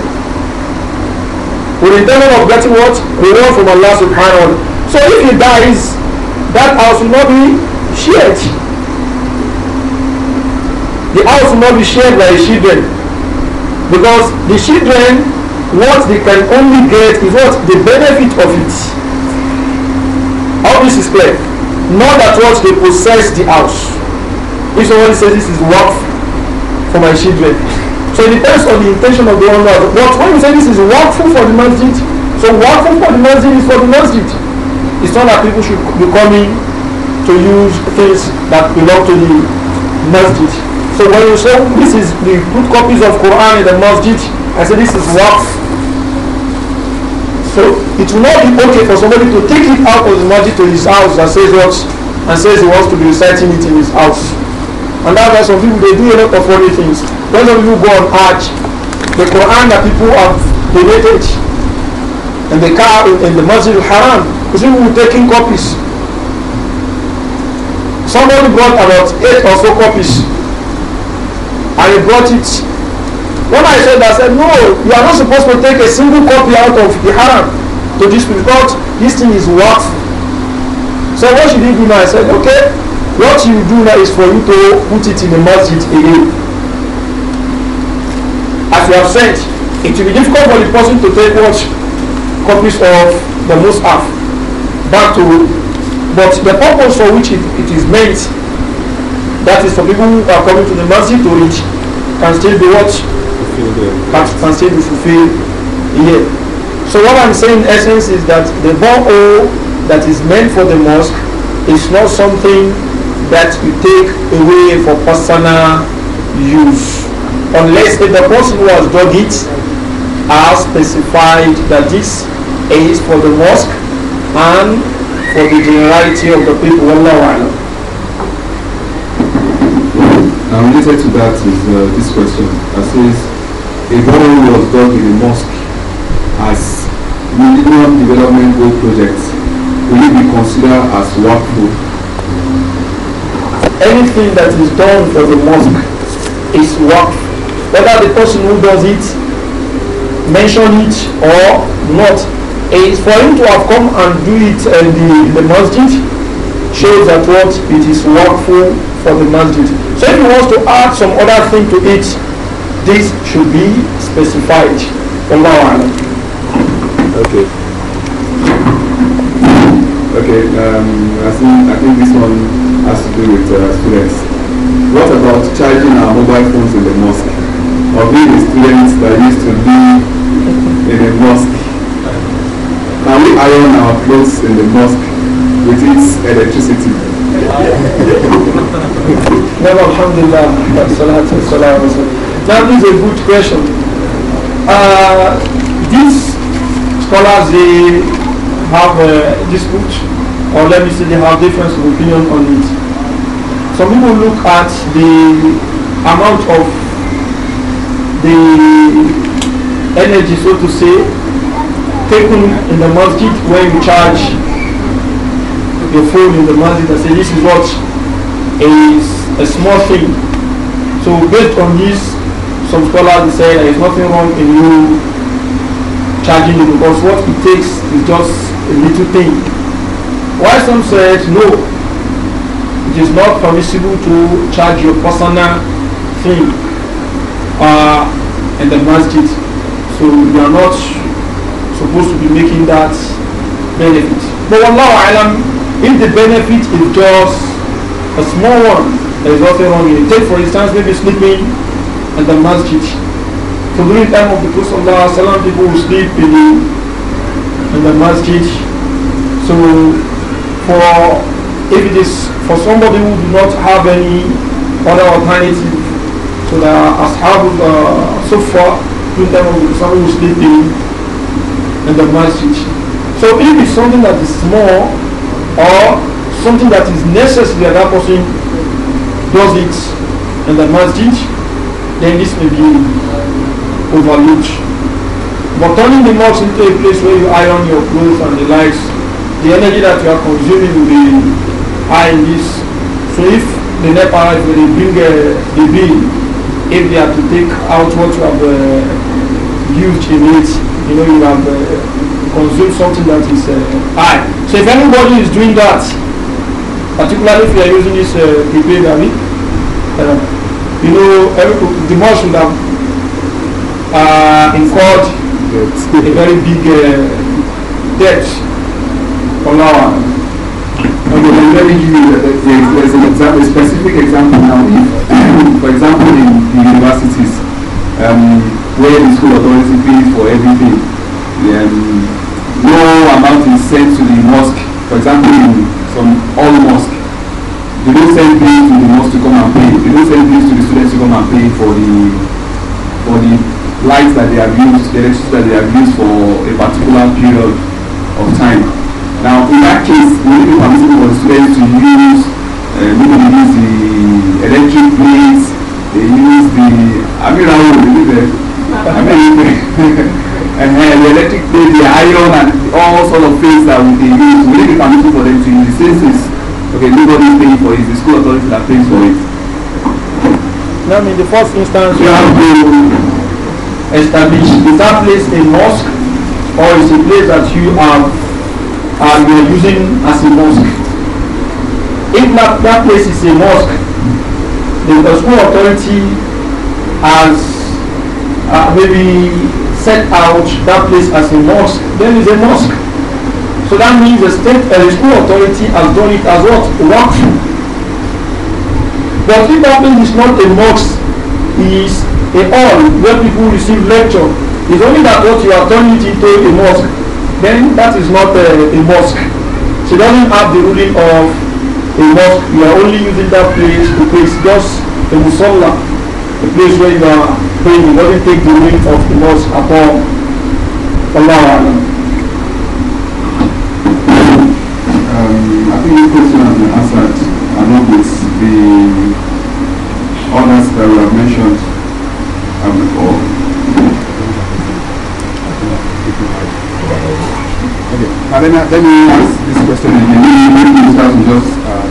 With the intention of getting what? Reward from Allah subhanahu wa So if he dies, that house will not be shared. The house will not be shared by his children because the children what they can only get is what the benefit of it. All this is clear. Not that what they possess the house. If somebody says this is work for my children, so it depends on the intention of the owner. But when you say this is worth for the masjid, so workful for the masjid is for the masjid. It's not that people should be coming to use things that belong to the masjid. So when you say this is the good copies of Quran in the masjid, I say this is work So it will not be okay for somebody to take it out of the masjid to his house and says what and says he wants to be reciting it in his house. And that's why some people they do a lot of funny things. Those of you go on Hajj, the Quran that people have donated in the car in the Masjid al-Haram, is people taking copies. Somebody brought about eight or so copies, and he brought it When I said that, I said, no, you are not supposed to take a single copy out of the haram to distribute. But this thing is worth. So what you did do now, I said, okay, what you do now is for you to put it in the masjid again. As you have said, it will be difficult for the person to take what copies of the Mus'af back to but the purpose for which it, it is meant that is for people who are coming to the masjid to read can still be watched penser du fulfilled. here. So what I'm saying in essence is that the borehole that is meant for the mosque is not something that you take away for personal use. Unless if the person who has dug it has specified that this is for the mosque and for the generality of the people. Wallahu alam. Now related to that is uh, this question. that says, a borrowing was done in a mosque as Millennium Development Goal Project will it be considered as workflow? Anything that is done for the mosque is work. Whether the person who does it mention it or not, is for him to have come and do it in the, the masjid shows that what it is workful for the masjid. So if he wants to add some other thing to it, this should be specified. Allah Okay. Okay, um, I, think, I think this one has to do with uh, students. What about charging our mobile phones in the mosque? Or being students that used to be in a mosque? Can we iron our clothes in the mosque with its electricity? Never. Alhamdulillah. لله salam, that is a good question. Uh, these scholars, they have a uh, dispute, or let me say they have different opinion on it. Some people look at the amount of the energy, so to say, taken in the masjid when you charge your phone in the masjid and say this is what is a small thing. So based on this, some scholars say there is nothing wrong in you charging you because what it takes is just a little thing. Why some said no, it is not permissible to charge your personal thing uh, in the masjid. So you are not supposed to be making that benefit. But Allah Alam, if the benefit is just a small one, there is nothing wrong in it. Take for instance maybe sleeping in the masjid. So during the time of the Prophet ﷺ, people would sleep in the, in the masjid. So for if it is for somebody who do not have any other alternative, so the ashab uh, so far during the time of the Prophet will sleep in, in the masjid. So if it's something that is small or something that is necessary that that person does it in the masjid, then this may be overlooked. But turning the mosque into a place where you iron your clothes and the lights, the energy that you are consuming will be high in this. So if the Nepalites, when they bring uh, the bill, if they have to take out what you have uh, used in it, you know, you have uh, consumed something that is uh, high. So if anybody is doing that, particularly if you are using this uh, prepaid, I mean, um, you know, every, the mosque would have uh, incurred a very big uh, debt on our. Okay, let me give you there's a specific example now. for example, in the universities, um, where the school authority pays for everything, um, no amount is sent to the mosque. For example, in some all mosques, they don't send bills to the mosque to come and pay. They don't send bills to the students to come and pay for the for the lights that they have used, the electricity that they have used for a particular period of time. Now, in that case, we it be for the students to use, uh, maybe use the electric plates, they use the, I mean, I don't believe it. I mean, and, uh, uh-huh, the electric plate, the iron, and all sort of things that they use, We it be for them to use? Since it's Okay, nobody is paying for it. The school authority that pays for it. Now, in the first instance, you have to establish is that place a mosque or is a place that you are you are using as a mosque? If that, that place is a mosque, then the school authority has uh, maybe set out that place as a mosque, then it's a mosque. So that means the state uh, the school authority has done it as what? Work. But if that means it's not a mosque, is a hall where people receive lecture. It's only that what you are turning it into a mosque, then that is not a, uh, a mosque. So it doesn't have the ruling of a mosque. You are only using that place to place just a musalla, a place where you are praying. It doesn't take the ruling of the mosque at all. Allah. think question has been answered along with the others that we have mentioned um, before. Okay, now let me, ask this question again. Just, uh,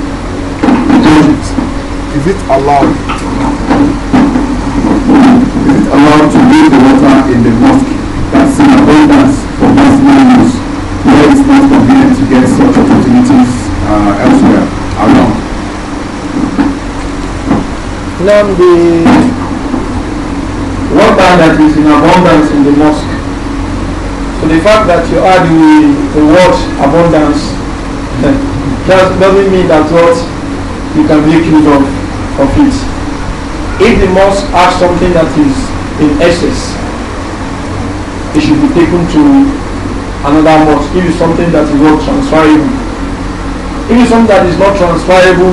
is it allowed? Is it allowed to use the water in the mosque that's in abundance for personal use where is it's not convenient to get such opportunities uh, elsewhere along. Now the water that is in abundance in the mosque. So the fact that you add the, the word abundance that doesn't mean that what you can make use of, of it. If the mosque has something that is in excess, it should be taken to another mosque. Give you something that is not transferable, even that is not transferable,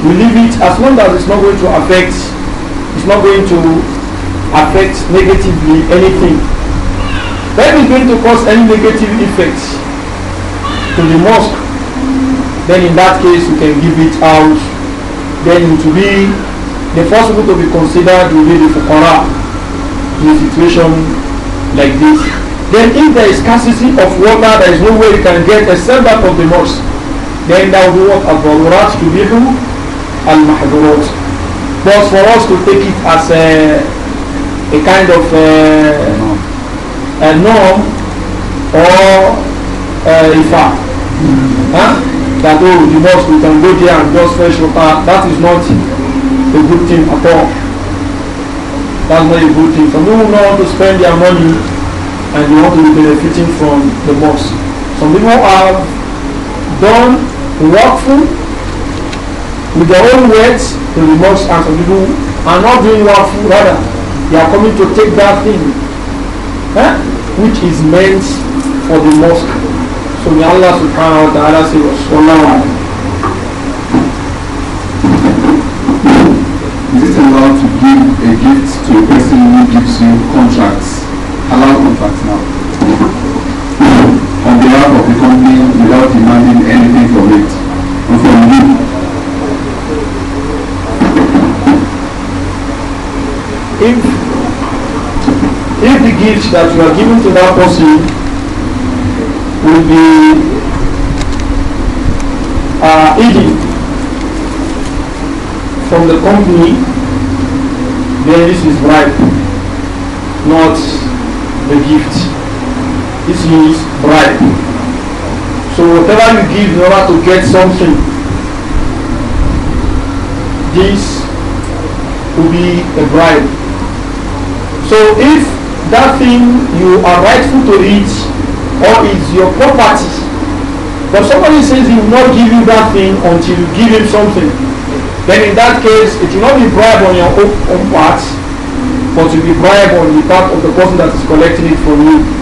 we leave it as long as it's not going to affect, it's not going to affect negatively anything. That is going to cause any negative effects to the mosque. Then in that case, you can give it out. Then to be the first people to be considered will be the fukara in a situation like this. Then if there is scarcity of water, there is no way you can get except that of the mosque then that will be what al-darurat tubihu al-mahdurat. But for us to take it as a, a kind of a, uh, a norm or uh, a refer, huh? that oh, the mosque, we can go there and just fresh water, that is not a good thing at all. That's not a good thing. Some people know to spend their money and you want to be benefiting from the mosque. Some people have done workful with their own words they will not ask some people are not doing workful rather they are coming to take that thing eh? which is meant for the mosque so may Allah subhanahu wa ta'ala say Wallahu Is it allowed to give a gift to a person who gives you contracts? Allow contracts now behalf of the company without demanding anything from it from you. If if the gift that you are giving to that person will be uh, eating from the company, then this is right, not the gift. This is Right. So whatever you give in order to get something, this will be a bribe. So if that thing you are rightful to it or is your property, but somebody says he will not give you that thing until you give him something, then in that case it will not be bribe on your own, own part, but it will be bribe on the part of the person that is collecting it from you.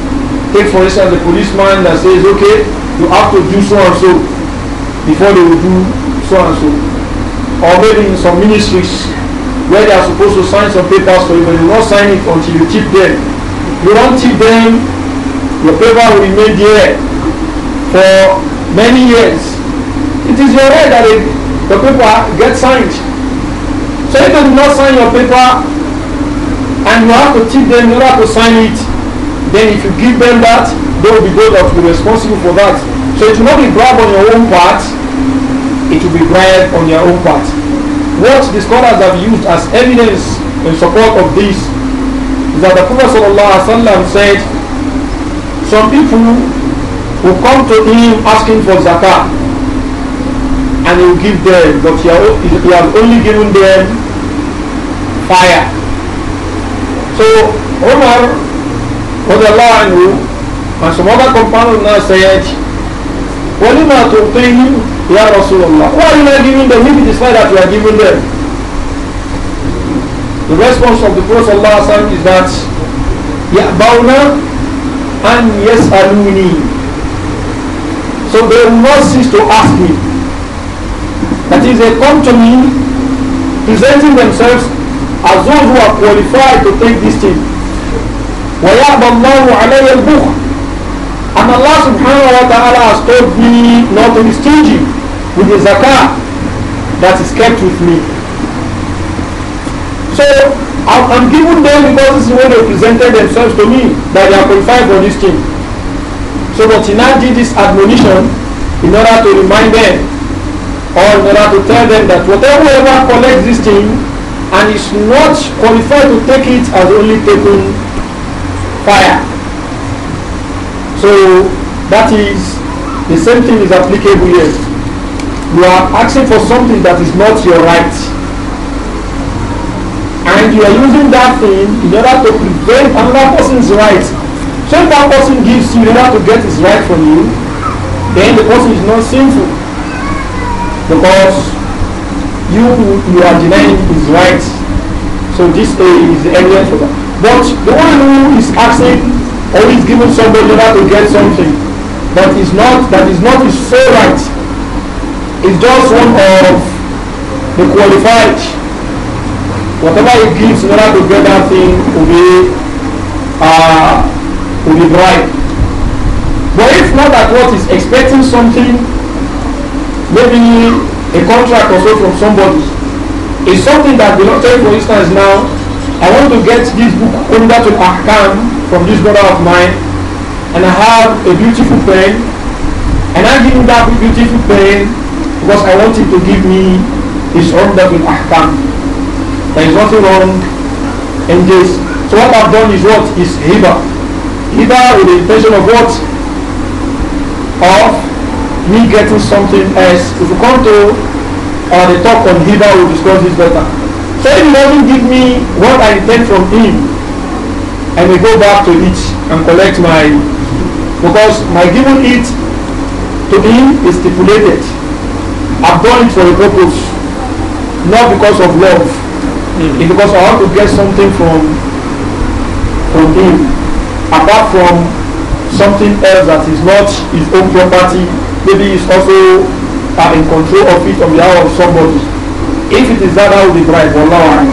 Take for instance the policeman that says, okay, you have to do so and so before they will do so and so. Or maybe in some ministries where they are supposed to sign some papers for you, but you will not sign it until you tip them. You don't tip them, your paper will remain there for many years. It is your right that it, the paper gets signed. So if they do not sign your paper and you have to tip them, you have to sign it, then if you give them that, they will be those that will be responsible for that. So it will not be bribe on your own part, it will be bribe on your own part. What the scholars have used as evidence in support of this is that the Prophet ﷺ said, some people will come to him asking for zakah and he will give them, but he has only given them fire. So Omar radiyallahu anhu and some other companions now said walima tu'tihim ya Rasulullah why are you not giving them maybe it is not that you are giving them the response of the Prophet sallallahu alaihi wasallam is that Ya ya'bawna an yas'aluni so they will not cease to ask me that is they come to me presenting themselves as those who are qualified to take this thing ويأبى الله علي البخل and Allah subhanahu wa ta'ala has told me not to be stingy with the zakah that is kept with me so I'm giving them because this is when they presented themselves to me that they are qualified for this thing so but he now did this admonition in order to remind them or in order to tell them that whatever whoever collects this thing and is not qualified to take it has only taken fire. So that is the same thing is applicable here. You are asking for something that is not your right. And you are using that thing in order to prevent another person's right. So if that person gives you in order to get his right from you, then the person is not sinful. Because you you are denying his right. So this is the evidence for that. But the one who is asking or is giving somebody in order to get something, that is not that is not his sole right. is just one of the qualified. Whatever he gives in order to get that thing will be uh, will be bribe. But if not that what is expecting something, maybe a contract or so from somebody, is something that belongs, take for instance now, I want to get this book to Akam from this brother of mine and I have a beautiful pen and I give him that beautiful pen because I want him to give me his with Akam. There is nothing wrong in this. So what I've done is what? Is Hiba. Hiba with the intention of what? Of me getting something else. If we come to uh, the talk on Hiba, we'll discuss this better. So if he doesn't give me what I intend from him, I may go back to it and collect my because my giving it to him is stipulated. I've done it for a purpose, not because of love. Mm. It's because I want to get something from from him, apart from something else that is not his own property. Maybe he's also uh, in control of it on behalf of somebody. If it is that, I will be right Wallahu a'lam.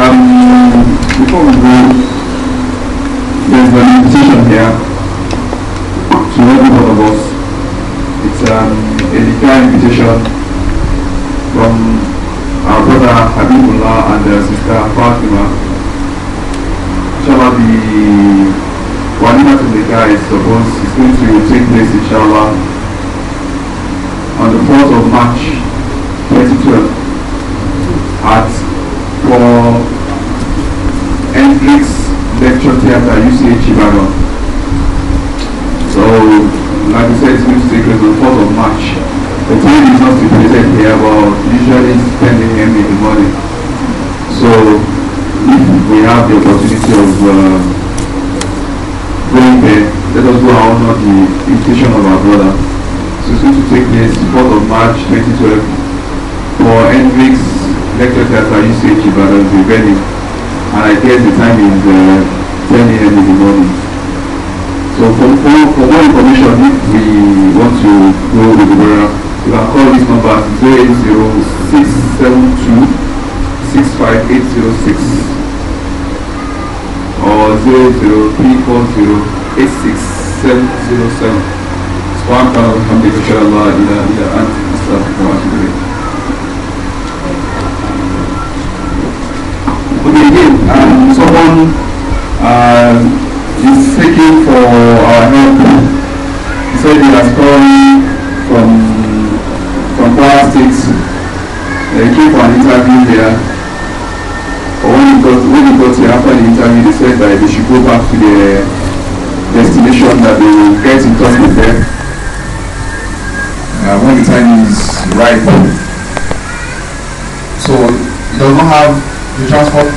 Um, before we go, there's an invitation here to every one of us. It's um, a divine invitation from our brother Habibullah and their uh, sister Fatima inshallah the Walima to the is supposed is going to take place inshallah on the 4th of March 2012 at for Hendrix Lecture Theatre UCH Ibadan. So like I said it's going to take place on the 4th of March. The time is not to present here but usually it's 10 a.m. in the morning. So if we have the opportunity of uh, going there, let us go and honor the invitation of our brother. So it's going to take place 4th of March 2012 for Hendrix Lecture Theatre UCH Ibadan the ready. And I guess the time is uh, 10 a.m. in the morning. So for, for, for more information, if we want to go with the brother, you can call this number 080 65806 or 00340 سبحانك اللهم um, someone uh, is seeking for our help. He said he has come from from class six. He came for an interview there. when it got when it got here after interview they said that they should go back to the destination that they will get in touch with them uh, when the time is right. so you does not have the transport